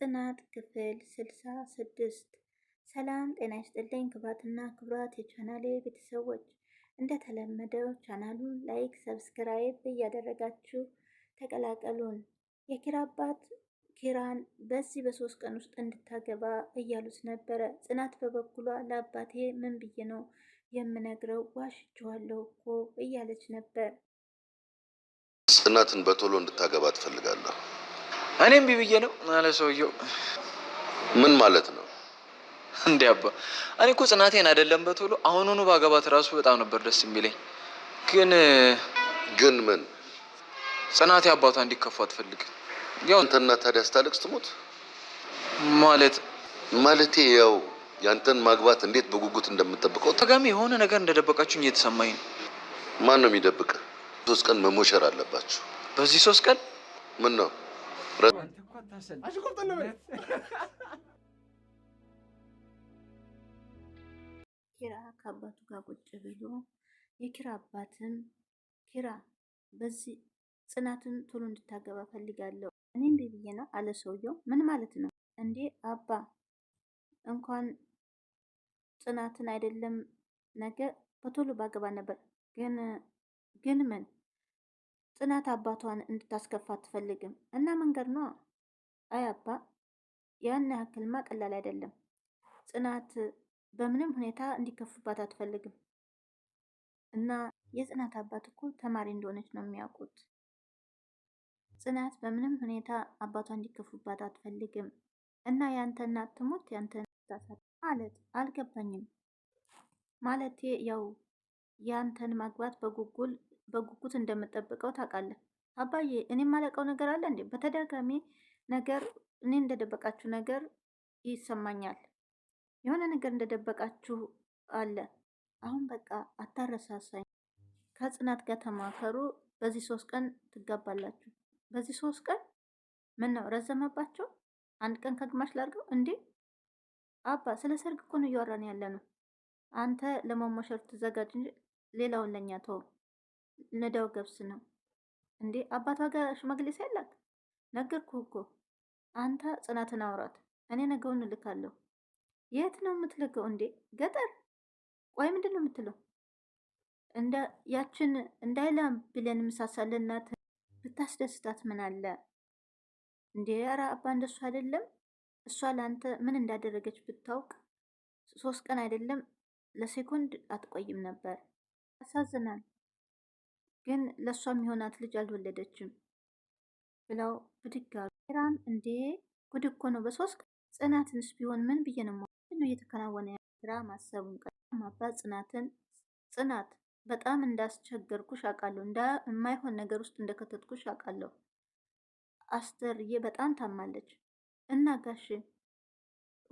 ጽናት ክፍል ስልሳ ስድስት ሰላም ጤና ይስጥልኝ። ክብራትና ክብራት የቻናሌ ቤተሰቦች እንደተለመደው ቻናሉን ላይክ፣ ሰብስክራይብ እያደረጋችሁ ተቀላቀሉን። የኪራ አባት ኪራን በዚህ በሶስት ቀን ውስጥ እንድታገባ እያሉት ነበረ። ጽናት በበኩሏ ለአባቴ ምን ብዬ ነው የምነግረው? ዋሽችዋለሁ እኮ እያለች ነበር። ጽናትን በቶሎ እንድታገባ ትፈልጋለሁ እኔም ቢብዬ ነው አለ ሰውየው። ምን ማለት ነው እንዴ አባ? እኔ እኮ ጽናቴን አይደለም በቶሎ አሁኑኑ ባገባት ራሱ በጣም ነበር ደስ የሚለኝ። ግን ግን ምን ጽናቴ አባቷ እንዲከፋ አትፈልግም። ያው አንተና ታዲያ ስታለቅስ ትሞት ማለት ማለቴ ያው ያንተን ማግባት እንዴት በጉጉት እንደምጠብቀው ተጋሚ የሆነ ነገር እንደደበቃችሁኝ እየተሰማኝ ነው። ማን ነው የሚደብቅ? ሶስት ቀን መሞሸር አለባችሁ። በዚህ ሶስት ቀን ምን ነው ኪራ ከአባቱ ጋር ቁጭ ብሎ የኪራ አባትም ኪራ በዚህ ጽናትን ቶሎ እንድታገባ ፈልጋለሁ እኔ እንዴ ብዬ ነው አለ ሰውየው። ምን ማለት ነው እንዴ አባ? እንኳን ጽናትን አይደለም ነገ በቶሎ ባገባ ነበር ግን ግን ምን ጽናት አባቷን እንድታስከፋ አትፈልግም እና መንገድ ነው። አይ አባ፣ ያን ያክልማ ቀላል አይደለም። ጽናት በምንም ሁኔታ እንዲከፉባት አትፈልግም እና የጽናት አባት እኮ ተማሪ እንደሆነች ነው የሚያውቁት። ጽናት በምንም ሁኔታ አባቷ እንዲከፉባት አትፈልግም እና ያንተ እናት ትሞት ያንተ ማለት አልገባኝም። ማለቴ ያው ያንተን ማግባት በጉጉል በጉጉት እንደምጠብቀው ታውቃለህ። አባዬ እኔ የማለቀው ነገር አለ እንዴ? በተደጋጋሚ ነገር እኔ እንደደበቃችሁ ነገር ይሰማኛል። የሆነ ነገር እንደደበቃችሁ አለ። አሁን በቃ አታረሳሳኝ። ከጽናት ጋር ተማከሩ። በዚህ ሶስት ቀን ትጋባላችሁ። በዚህ ሶስት ቀን ምን ነው ረዘመባቸው? አንድ ቀን ከግማሽ ላድርገው እንዴ? አባ ስለ ሰርግ እኮ ነው እያወራን ያለ ነው። አንተ ለመሞሸር ትዘጋጅ እንጂ ሌላውን ለእኛ ተወው። ነዳው ገብስ ነው እንዴ? አባቷ ጋር ሽማግሌ ሳይላክ ነገር እኮ አንተ ጽናትን አውራት። እኔ ነገውን እልካለሁ። የት ነው የምትልከው እንዴ? ገጠር? ቆይ ምንድን ነው የምትለው? እንደ ያችን እንዳይላ ብለን ምሳሳለን እናት ብታስደስታት ምን አለ እንዴ? ኧረ አባ እንደሱ አይደለም። እሷ ለአንተ ምን እንዳደረገች ብታውቅ ሶስት ቀን አይደለም ለሴኮንድ አትቆይም ነበር። ያሳዝናል። ግን ለእሷ የሚሆናት ልጅ አልወለደችም ብለው ብድግ አሉ። ኪራም እንዴ ጉድ እኮ ነው በሶስት ጽናትንስ ቢሆን ምን ብዬ ነው ነው እየተከናወነ ኪራ ማሰቡን ቀ ጽናትን ጽናት በጣም እንዳስቸገርኩሽ አውቃለሁ፣ እንዳ የማይሆን ነገር ውስጥ እንደከተትኩሽ አውቃለሁ። አስተርዬ በጣም ታማለች እና ጋሽ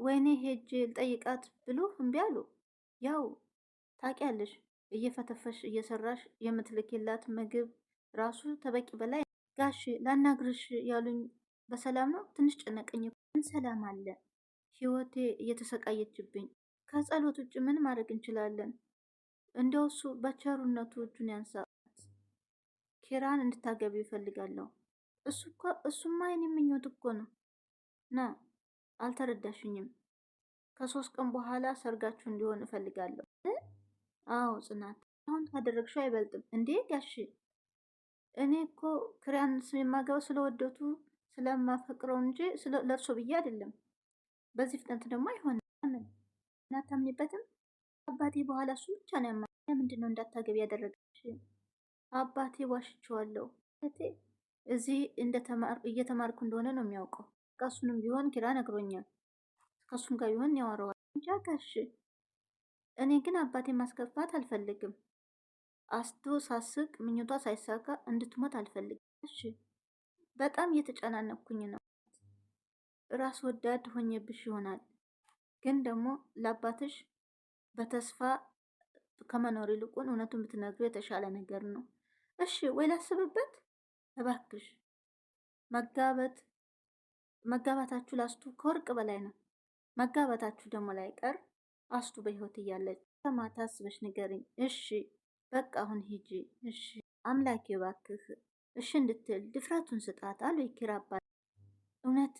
ወይኔ ሄጄ ልጠይቃት ብሎ እምቢ አሉ። ያው ታውቂያለሽ እየፈተፈሽ እየሰራሽ የምትልኪላት ምግብ ራሱ ተበቂ በላይ። ጋሽ ላናግርሽ ያሉኝ በሰላም ነው? ትንሽ ጨነቀኝ። ምን ሰላም አለ? ህይወቴ እየተሰቃየችብኝ። ከጸሎት ውጭ ምን ማድረግ እንችላለን? እንደው እሱ በቸሩነቱ እጁን ያንሳት። ኪራን እንድታገቢ ይፈልጋለሁ። እሱማ የኔ ምኞት እኮ ነው። ና አልተረዳሽኝም። ከሶስት ቀን በኋላ ሰርጋችሁ እንዲሆን እፈልጋለሁ። አዎ ጽናት፣ አሁን ካደረግሽው አይበልጥም እንዴ ጋሽ። እኔ እኮ ክሪያን የማገባው ስለወደቱ ስለማፈቅረው እንጂ ለእርሶ ብዬ አይደለም። በዚህ ፍጥነት ደግሞ አይሆንም። እናታምኝበትም? አባቴ በኋላ እሱ ብቻ ነው ያማ። ለምንድን ነው እንዳታገቢ ያደረገች? አባቴ ዋሽችዋለሁ። እዚህ እየተማርኩ እንደሆነ ነው የሚያውቀው። ከሱንም ቢሆን ኪራ ነግሮኛል። ከሱም ጋር ቢሆን ያወራዋል እንጃ ጋሽ እኔ ግን አባቴ ማስከፋት አልፈልግም። አስቶ ሳስቅ ምኞቷ ሳይሳካ እንድትሞት አልፈልግም። እሺ፣ በጣም እየተጨናነኩኝ ነው። ራስ ወዳድ ሆኜብሽ ይሆናል፣ ግን ደግሞ ለአባትሽ በተስፋ ከመኖር ይልቁን እውነቱን ብትነግሩ የተሻለ ነገር ነው። እሺ፣ ወይ ላስብበት። እባክሽ መጋበት መጋባታችሁ ላስቱ ከወርቅ በላይ ነው። መጋባታችሁ ደግሞ ላይ ቀር አስቱ በህይወት እያለች ከማታ አስበሽ ንገሪኝ። እሺ በቃ አሁን ሂጂ። እሺ አምላኬ ባክህ እሺ እንድትል ድፍረቱን ስጣት አሉ የኪራ አባት። እውነት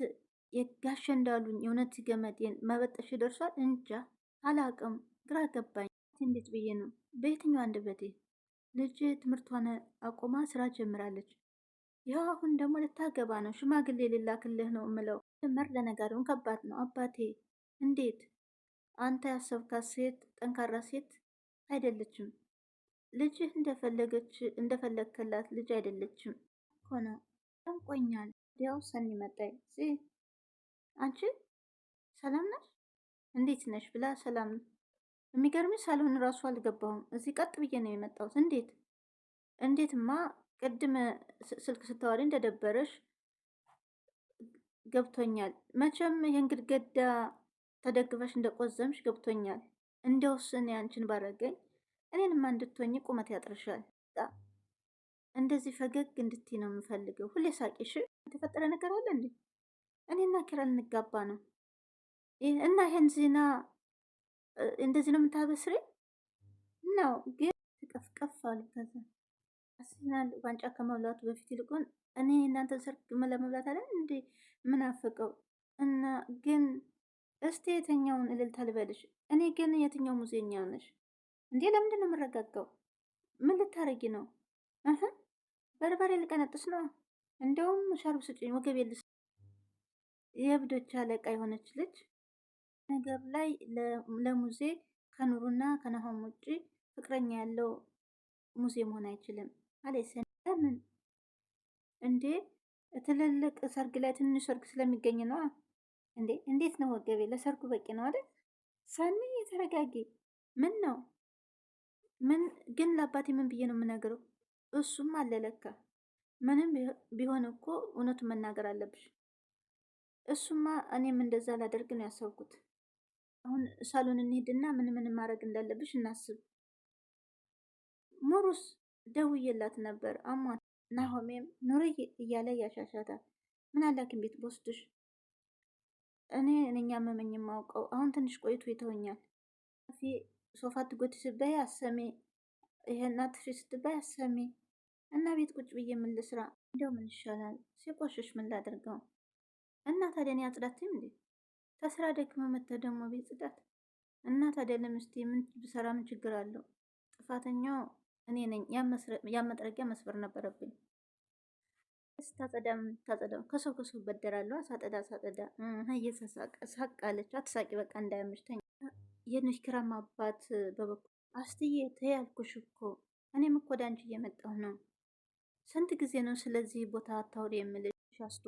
የጋሸ እንዳሉኝ የእውነት ገመዴን መበጠሽ ደርሷል። እንጃ አላቅም፣ ግራ ገባኝ። እንዴት ብዬ ነው በየትኛው አንድ በቴ ልጅ ትምህርቷን አቆማ ስራ ጀምራለች። ይኸው አሁን ደግሞ ልታገባ ነው። ሽማግሌ ሌላ ክልህ ነው ምለው መር ለነጋሪውን ከባድ ነው አባቴ እንዴት አንተ ያሰብካት ሴት ጠንካራ ሴት አይደለችም። ልጅህ እንደፈለገች እንደፈለግከላት ልጅ አይደለችም። ሆነ ጠንቆኛል። ያው ሰኒ መጣይ አንቺ ሰላም ነሽ? እንዴት ነሽ? ብላ ሰላም የሚገርምሽ ሳልሆን ራሱ አልገባሁም። እዚህ ቀጥ ብዬ ነው የመጣሁት። እንዴት እንዴትማ ቅድም ስልክ ስታወሪ እንደደበረሽ ገብቶኛል። መቼም ይህን ገዳ ተደግፈሽ እንደቆዘምሽ ገብቶኛል። እንደውስ እኔ አንቺን ባረገኝ እኔንማ እንድትሆኝ ቁመት ያጥርሻል። እንደዚህ ፈገግ እንድትይ ነው የምፈልገው። ሁሌ ሳቂሽ። የተፈጠረ ነገር አለ እንዴ? እኔና ኪራ ልንጋባ ነው እና ይሄን ዜና እንደዚህ ነው የምታበስሬ ነው ግን ትቀፍቀፍ አሉ። ከዛ አስናል ዋንጫ ከመብላቱ በፊት ይልቁን እኔ እናንተን ሰርግ ለመብላት አለን እንዴ ምናፈቀው እና ግን እስቲ የትኛውን እልልታ ልበልሽ? እኔ ግን የትኛው ሙዚየኛ ነሽ እንዴ? ለምንድን ነው የምረጋጋው? ምን ልታረጊ ነው? በርበሬ ልቀነጥስ ነው? እንደውም ሻርብ ስጭኝ፣ ወገብ የልስ። የእብዶች አለቃ የሆነች ልጅ ነገር ላይ ለሙዜ ከኑሩና ከናሆም ውጭ ፍቅረኛ ያለው ሙዜ መሆን አይችልም አለ ለምን እንዴ? ትልልቅ ሰርግ ላይ ትንሽ ሰርግ ስለሚገኝ ነዋ። እንዴ እንዴት ነው ወገቤ? ለሰርጉ በቂ ነው አይደል? ሰኒ የተረጋጊ። ምን ነው ምን ግን ለአባቴ ምን ብዬ ነው የምነግረው? እሱም አለለካ። ምንም ቢሆን እኮ እውነቱ መናገር አለብሽ። እሱማ እኔም እንደዛ ላደርግ ነው ያሰብኩት። አሁን ሳሎን እንሄድና ምን ምን ማድረግ እንዳለብሽ እናስብ። ሙሩስ ደውዬላት ነበር አሟት። ናሆሜም ኑርዬ እያለ ያሻሻታል። ምን አላክም ቤት በወስድሽ እኔ እኛ መመኝ የማውቀው አሁን ትንሽ ቆይቶ ይተወኛል። ሶፋ ትጎት ስባይ አሰሜ ይሄና ትሽ ስትባይ አሰሜ እና ቤት ቁጭ ብዬ ምን ልስራ? እንደው ምን ይሻላል? ሲቆሽሽ ምን ላደርገው? እና ታዲያ እኔ አጽዳትም እንዴ ተስራ ደክመ መተ ደግሞ ቤት ጽዳት እና ታዲያ ለምስቲ ምን ብሰራ ምን ችግር አለው? ጥፋተኛው እኔ ነኝ። ያ መጥረጊያ መስበር ነበረብኝ። ስታጸዳ የምታጸዳው ከሰው ከሰው በደራለዋ። ሳጠዳ ሳጠዳ ሳቅ አለች። አትሳቂ በቃ እንዳያምሽ ተኛ። የኖህ አባት በበኩል አስትዬ ተያልኩሽ እኮ እኔም እኮ ወደ አንቺ እየመጣሁ ነው። ስንት ጊዜ ነው ስለዚህ ቦታ አታውሪ የምልሽ አስቱ?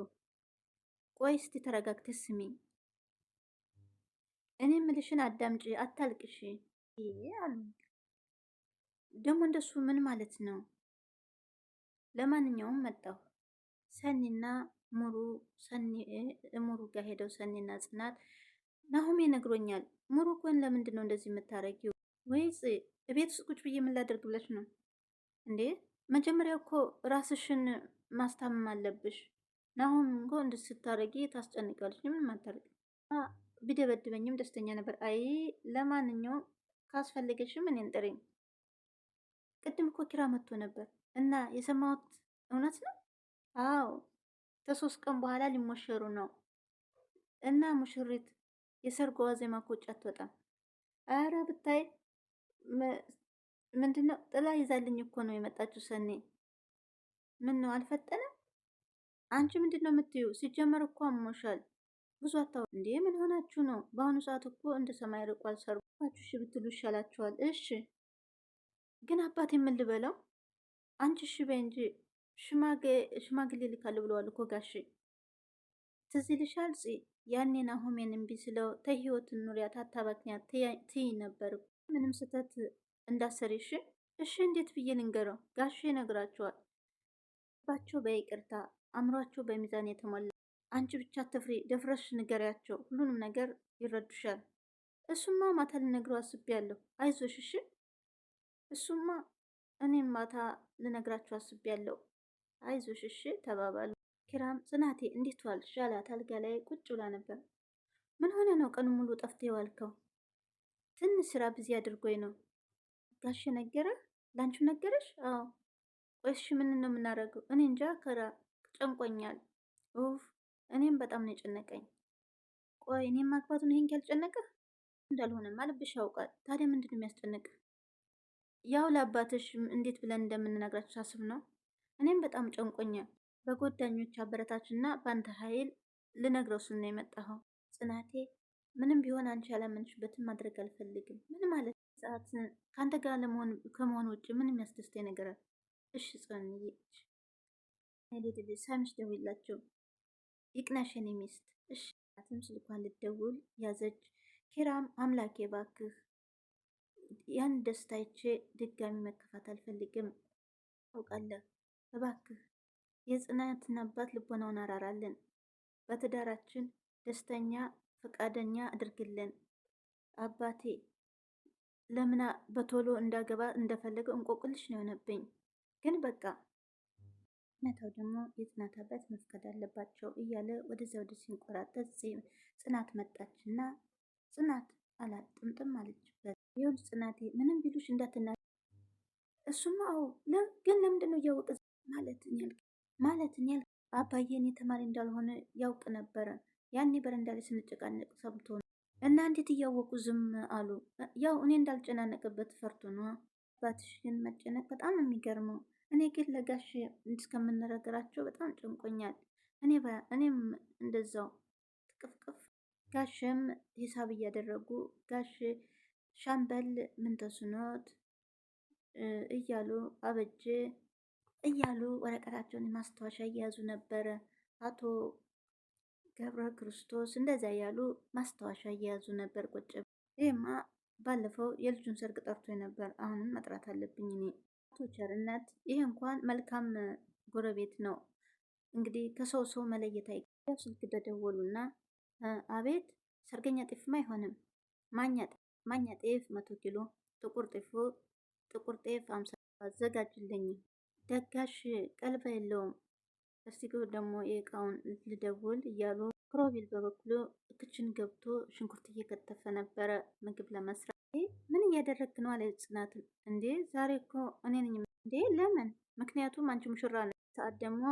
ቆይ እስቲ ተረጋግተሽ ስሚ። እኔ ምልሽን አዳምጪ፣ አታልቅሽ አሉ። ደግሞ እንደሱ ምን ማለት ነው? ለማንኛውም መጣሁ ሰኒና ሙሩ ሙሩ ጋር ሄደው ሰኒና ጽናት ናሁሜ ነግሮኛል። ሙሩ ኮን ለምንድን ነው እንደዚህ የምታረጊው? ወይስ እቤት ውስጥ ቁጭ ብዬ ምን ብለሽ ነው እንዴ? መጀመሪያ እኮ ራስሽን ማስታመም አለብሽ። ናሁም እኮ እንድት ስታረጊ ታስጨንቃለች። ምን ማታረግ ቢደበድበኝም ደስተኛ ነበር። አይ ለማንኛውም ካስፈለገሽም ምን እንጠረኝ። ቅድም እኮ ኪራ መጥቶ ነበር እና የሰማሁት እውነት ነው አዎ ከሶስት ቀን በኋላ ሊሞሸሩ ነው እና ሙሽሪት የሰርጎ ዋዜማ ከውጭ አትወጣም። አረ ብታይ ምንድነው ጥላ ይዛልኝ እኮ ነው የመጣችው። ሰኔ ምን ነው አልፈጠነም? አንቺ ምንድነው የምትዩ? ሲጀመር እኮ አሞሻል። ብዙ አታው እንዴ ምን ሆናችሁ ነው? በአሁኑ ሰዓት እኮ እንደ ሰማይ ርቋል ሰርጉ። እሺ ብትሉ ይሻላችኋል። እሺ ግን አባቴ ምን ልበለው? አንቺ እሺ በይ እንጂ ሽማግሌ ልካለሁ ብለዋል እኮ ጋሽ ትዝ ይልሻል ፅ ያኔ ናሆሜን እምቢ ስለው ተህይወት ኑሪያት ትይ ነበር ምንም ስህተት እንዳሰሪሽ እሺ እንዴት ብዬ ልንገረው ጋሽ ይነግራቸዋል ባቸው በይቅርታ አእምሯቸው በሚዛን የተሞላ አንቺ ብቻ ትፍሪ ደፍረሽ ንገሪያቸው ሁሉንም ነገር ይረዱሻል እሱማ ማታ ልነግረው አስቤያለሁ አይዞሽ እሺ እሱማ እኔም ማታ ልነግራቸው አስቤያለሁ አይዞሽ እሺ ተባባሉ። ኪራም ጽናቴ እንዴት ዋልሽ አላት። አልጋ ላይ ቁጭ ብላ ነበር። ምን ሆነ ነው ቀኑ ሙሉ ጠፍቴ የዋልከው? ትንሽ ስራ ብዚ አድርጎኝ ነው። ጋሽ ነገረ ላንቺ ነገረሽ? አዎ። ቆይሽ ምን ነው የምናደርገው? እኔ እንጃ ከራ ጨንቆኛል። ኡፍ እኔም በጣም ነው የጨነቀኝ። ቆይ እኔም ማግባቱን ይሄን ያልጨነቀ እንዳልሆነማ ልብሽ ያውቃል። ታዲያ ምንድን የሚያስጨንቅ? ያው ለአባትሽ እንዴት ብለን እንደምንነግራቸው ሳስብ ነው እኔም በጣም ጨንቆኛል። በጓደኞች አበረታችና በአንተ ኃይል ልነግረው ስል ነው የመጣኸው። ጽናቴ ምንም ቢሆን አንቺ ያላመንሽበትን ማድረግ አልፈልግም። ምን ማለት ሰዓት ከአንተ ጋር ከመሆን ውጭ ምን የሚያስደስተኝ ነገር አለ? እሽ ጽንዬ ሳምሽ ደውላቸው ይቅናሽን ሚስት እሽ ትም ስልኳን ልደውል ያዘች። ኪራም አምላኬ ባክህ ያን ደስታይቼ ድጋሚ መከፋት አልፈልግም። ታውቃለህ እባክህ የጽናትን አባት ልቦናውን አራራልን፣ በትዳራችን ደስተኛ ፈቃደኛ አድርግልን። አባቴ ለምና በቶሎ እንዳገባ እንደፈለገው እንቆቅልሽ ነው የሆነብኝ። ግን በቃ እውነታው ደግሞ የጽናት አባት መፍቀድ አለባቸው እያለ ወደዚያ ወደ ሲንቆራጠት ጽናት እና ጽናት አላት ጥምጥም አለችበት። ይሁን ጽናቴ፣ ምንም ቢሉሽ እንዳትና እሱማ አዎ፣ ግን ለምንድን ነው እያወቀ ማለት ያልክ ማለት ያልክ አባዬ እኔ ተማሪ እንዳልሆነ ያውቅ ነበረ። ያኔ በረንዳ ላይ ስንጨቃነቅ ሰምቶ ነው እና እንዴት እያወቁ ዝም አሉ? ያው እኔ እንዳልጨናነቅበት ፈርቶ ነው። አባትሽ ግን መጨነቅ በጣም የሚገርመው። እኔ ግን ለጋሽ እስከምንነግራቸው በጣም ጨንቆኛል። እኔም እንደዛው ቅፍቅፍ ጋሽም ሂሳብ እያደረጉ ጋሽ ሻምበል ምንተስኖት እያሉ አበጄ እያሉ ወረቀታቸውን ማስታወሻ እየያዙ ነበረ። አቶ ገብረ ክርስቶስ እንደዛ እያሉ ማስታወሻ እየያዙ ነበር ቁጭ ይህማ ባለፈው የልጁን ሰርግ ጠርቶ ነበር። አሁንም መጥራት አለብኝ እኔ። አቶ ቸርነት ይህ እንኳን መልካም ጎረቤት ነው። እንግዲህ ከሰው ሰው መለየት አይገባ። ስልክ ተደወሉና አቤት ሰርገኛ ጤፍም አይሆንም ማኛ ጤፍ መቶ ኪሎ ጥቁር ጤፍ አምሳ አዘጋጅልኝ ደጋሽ ቀልባ የለውም። እርሲጎ ደግሞ የእቃውን ልደውል እያሉ ክሮቢል በበኩሉ ክችን ገብቶ ሽንኩርት እየከተፈ ነበረ ምግብ ለመስራት። ምን እያደረግክ ነው? አለ ጽናትም። እንዴ ዛሬ እኮ እኔ ነኝ። እንዴ ለምን? ምክንያቱም አንቺ ሙሽራ ነ ሰዓት ደግሞ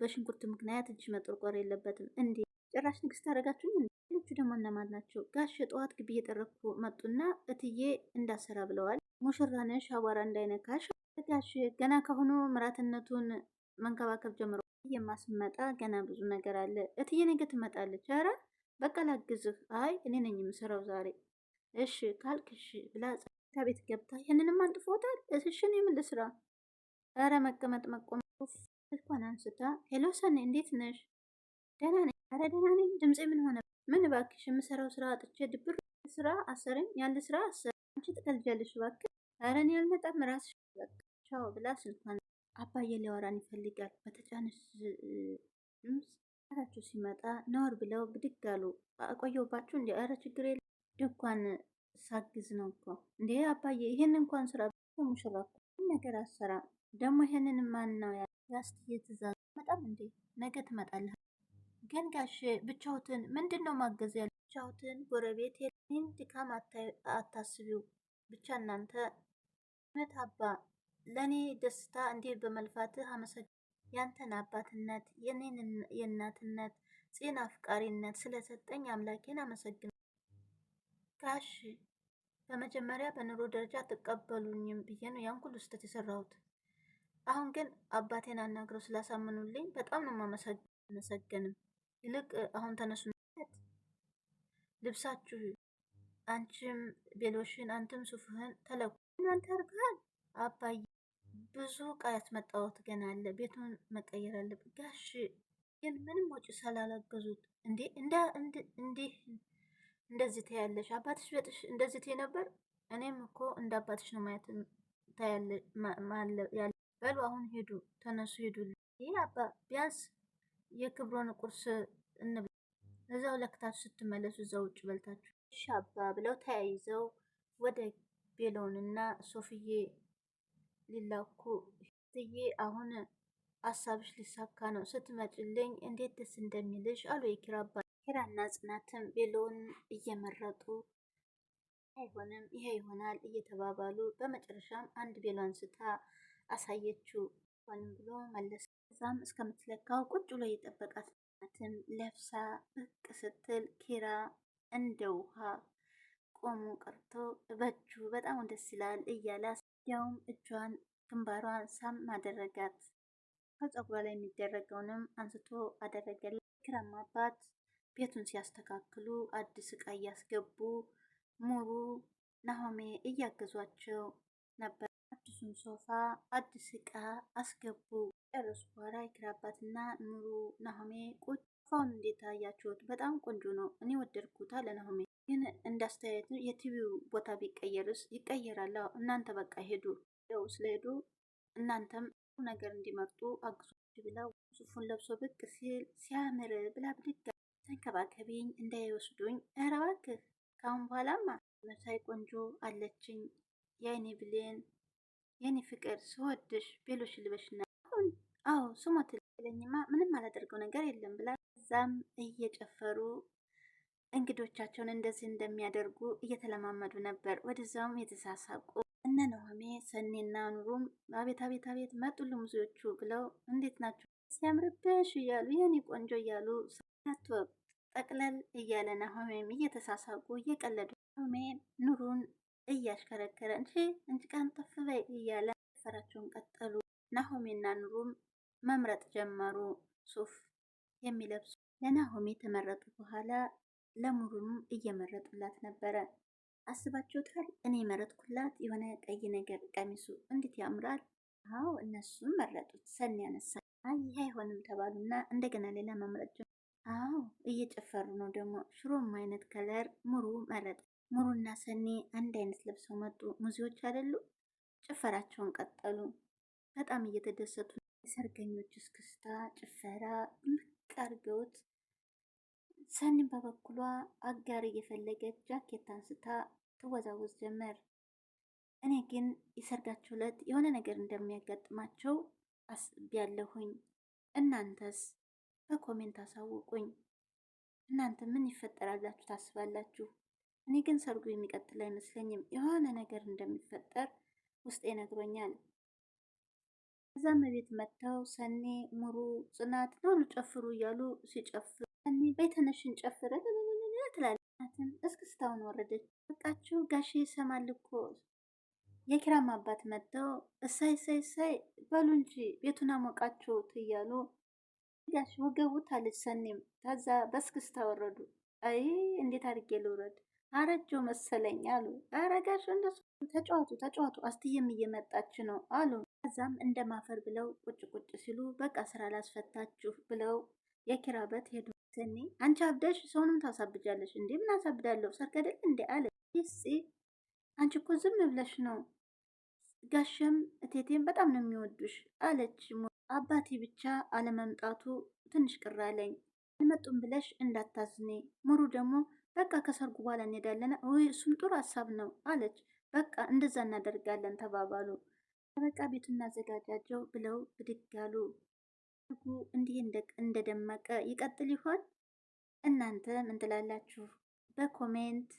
በሽንኩርት ምክንያት እጅ መጠርቆር የለበትም። እንዴ ጭራሽ ንግስት አደረጋችሁ። ሌሎቹ ደግሞ እነማን ናቸው? ጋሽ ጠዋት ግቢ እየጠረኩ መጡና እትዬ እንዳሰራ ብለዋል። ሙሽራ ነሽ፣ አቧራ እንዳይነካሽ ጋሽ ገና ከሆኑ ምራትነቱን መንከባከብ ጀምሮ የማስመጣ ገና ብዙ ነገር አለ። እትዬ ነገ ትመጣለች። ኧረ በቃ ላግዝህ። አይ እኔ ነኝ የምሰራው ዛሬ እሺ ካልክሽ ብላ ከቤት ገብታ ይህንንም አንጥፎታል። እስሽን የምል ስራ ኧረ መቀመጥ መቆም ስልኳን አንስታ ሄሎ ሰኔ እንዴት ነሽ? ደህና ነኝ። ኧረ ደህና ነኝ። ድምፄ ምን ሆነ? ምን እባክሽ የምሰራው ስራ አጥቼ ድብር ስራ አሰረኝ። ያለ ስራ አሰረኝ። አንቺ ትቀልጃለሽ እባክሽ ኧረ እኔ አልመጣም ራስሽ ቻው ብላ ስልኳን አባዬ ሊያወራን ይፈልጋል በተጫነች ታቸው ሲመጣ ነወር ብለው ብድግ አሉ። አቆየሁባችሁ እንዲ ኧረ ችግር የለም ድንኳን ሳግዝ ነው እኮ እንዴ አባዬ ይህን እንኳን ስራ ሙሽራ ነገር አሰራ ደግሞ ይህንን ማን ነው ያስትዬ ትእዛዝ መጣም እንዴ ነገ ትመጣለህ ግን ጋሽ ብቻውትን ምንድን ነው ማገዝ ያለ ብቻውትን ጎረቤት ይህን ድካም አታስቢው ብቻ እናንተ እውነት አባ ለእኔ ደስታ እንዲህ በመልፋትህ አመሰግ ያንተን አባትነት የኔን የእናትነት ጽን አፍቃሪነት ስለሰጠኝ አምላኬን አመሰግናለሁ። ጋሽ በመጀመሪያ በኑሮ ደረጃ አትቀበሉኝም ብዬ ነው ያን ሁሉ ስህተት የሰራሁት። አሁን ግን አባቴን አናግረው ስላሳምኑልኝ በጣም ነው ማመሰግንም። ይልቅ አሁን ተነሱ፣ ልብሳችሁ አንቺም ቤሎሽን አንተም ሱፍህን ተለኩ እናንተ አርገሃል። አባዬ ብዙ እቃ ያስመጣሁት ገና አለ። ቤቱን መቀየር አለብን። ጋሽ ግን ምንም ወጪ ስላላገዙት እንዴ እንዲህ እንደዚህ ታያለሽ። አባትሽ በጥሽ እንደዚህ ታይ ነበር። እኔም እኮ እንደ አባትሽ ነው ማየት ታያለ ያለ። በሉ አሁን ሄዱ፣ ተነሱ ሄዱ። ይህ አባ ቢያንስ የክብሮን ቁርስ እንብ እዛው ለክታችሁ ስትመለሱ እዛው ውጭ በልታችሁ ሻባ ብለው ተያይዘው ወደ ቤሎንና ሶፍዬ ሊላኩ ትዬ አሁን አሳብሽ ሊሳካ ነው ስትመጭልኝ እንዴት ደስ እንደሚልሽ አሉ የኪራ አባ ኪራና ጽናትም ቤሎን እየመረጡ አይሆንም ይሄ ይሆናል እየተባባሉ በመጨረሻም አንድ ቤሎን ስታ አሳየችው። ሆንም ብሎ መለስ። እዛም እስከምትለካው ቁጭ ብሎ እየጠበቃት ትም ለብሳ ብቅ ስትል ኪራ እንደ ውሃ ቆሞ ቀርቶ በእጁ በጣም ደስ ይላል እያለ ያውም እጇን ግንባሯን ሳም አደረጋት። ከጸጉሯ ላይ የሚደረገውንም አንስቶ አደረገል። ኪራማ አባት ቤቱን ሲያስተካክሉ አዲስ እቃ እያስገቡ ሙሩ ናሆሜ እያገዟቸው ነበር። አዲሱን ሶፋ አዲስ እቃ አስገቡ። ከጨረሱ በኋላ የኪራ አባትና ምሩ ናሆሜ ቁጭ ፋውን እንዴት በጣም ቆንጆ ነው፣ እኔ ወደድኩት አለ ናሆሜ። ግን እንዳስተያየት የቲቪው ቦታ ቢቀየርስ? ይቀየራል። እናንተ በቃ ሄዱ ው ስለሄዱ እናንተም ነገር እንዲመርጡ አግዞች ብለው ሱፉን ለብሶ ብቅ ሲል ሲያምር ብላ ብድጋ ተንከባከቢኝ እንዳይወስዱኝ ኧረ እባክህ ካሁን በኋላማ መሳይ ቆንጆ አለችኝ የአይኔ ብሌን የኔ ፍቅር ስወድሽ ቤሎሽ ልበሽና አዎ ስሞት ለኝማ ምንም አላደርገው ነገር የለም ብላ እዛም እየጨፈሩ እንግዶቻቸውን እንደዚህ እንደሚያደርጉ እየተለማመዱ ነበር። ወደዛውም የተሳሳቁ እነ ነሆሜ ሰኔና ኑሩም አቤት አቤት አቤት መጡሉ ሙዚዎቹ ብለው እንዴት ናቸው ሲያምርብሽ እያሉ የኔ ቆንጆ እያሉ ሰቶ ጠቅለል እያለ ነሆሜም እየተሳሳቁ እየቀለዱ ነሆሜ ኑሩን እያሽከረከረ እንጂ እንጭ ቀን ጠፍበይ እያለ ፈራቸውን ቀጠሉ። ናሆሜና ኑሩም መምረጥ ጀመሩ። ሱፍ የሚለብሱ ለናሆሜ ተመረጡ። በኋላ ለሙሉም እየመረጡላት ነበረ። አስባችሁታል? እኔ መረጥኩላት የሆነ ቀይ ነገር ቀሚሱ እንዴት ያምራል! አዎ እነሱም መረጡት። ሰኒ ያነሳ አይ ይህ አይሆንም ተባሉና እንደገና ሌላ መምረጥ ጀመሩ። አዎ እየጨፈሩ ነው ደግሞ ሽሮም አይነት ከለር ሙሩ መረጥ። ሙሩና ሰኒ አንድ አይነት ለብሰው መጡ። ሙዚዎች አይደሉ? ጭፈራቸውን ቀጠሉ። በጣም እየተደሰቱ የሰርገኞች እስክስታ፣ ጭፈራ ልቅ አድርገውት ሰኒም በበኩሏ አጋር እየፈለገች ጃኬት አንስታ ትወዛወዝ ጀመር። እኔ ግን የሰርጋችሁ ዕለት የሆነ ነገር እንደሚያጋጥማቸው ያለሁኝ እናንተስ በኮሜንት አሳውቁኝ። እናንተ ምን ይፈጠራላችሁ ታስባላችሁ? እኔ ግን ሰርጉ የሚቀጥል አይመስለኝም። የሆነ ነገር እንደሚፈጠር ውስጤ ነግሮኛል። ከዛም ቤት መጥተው ሰኔ ሙሩ ጽናት ሉ ጨፍሩ እያሉ ሲጨፍሩ ሰኔ ቤተነሽን ጨፍረ ትላለች። ጽናትም እስክስታውን ወረደች። በቃችሁ ጋሼ ይሰማል እኮ የኪራም አባት መጥተው እሳይ ሳይ ሳይ በሉ እንጂ ቤቱን አሞቃችሁት እያሉ ጋሽ ወገቡት አለች። ሰኔም ከዛ በእስክስታ ወረዱ። አይ እንዴት አድርጌ ልውረድ አረጆ መሰለኝ አሉ። አረጋሽ እንደሱ ተጫዋቱ ተጫዋቱ አስትዬም እየመጣች ነው አሉ። ከዛም እንደማፈር ብለው ቁጭ ቁጭ ሲሉ በቃ ስራ ላስፈታችሁ ብለው የኪራበት ሄዱ። ሰኒ አንቺ አብደሽ ሰውንም ታሳብጃለሽ እንዴ? ምን አሳብዳለሁ ሰርገደል እንዴ አለ ይስ አንቺ እኮ ዝም ብለሽ ነው። ጋሸም እቴቴም በጣም ነው የሚወዱሽ አለች። አባቴ ብቻ አለመምጣቱ ትንሽ ቅር አለኝ። አልመጡም ብለሽ እንዳታዝኔ። ሙሩ ደግሞ በቃ ከሰርጉ በኋላ እንሄዳለን ወይ እሱም ጥሩ ሀሳብ ነው አለች። በቃ እንደዛ እናደርጋለን ተባባሉ። በቃ ቤቱን አዘጋጃቸው ብለው ብድግ አሉ። ጉ እንዲህ እንደደመቀ ይቀጥል ይሆን? እናንተ ምን ትላላችሁ? በኮሜንት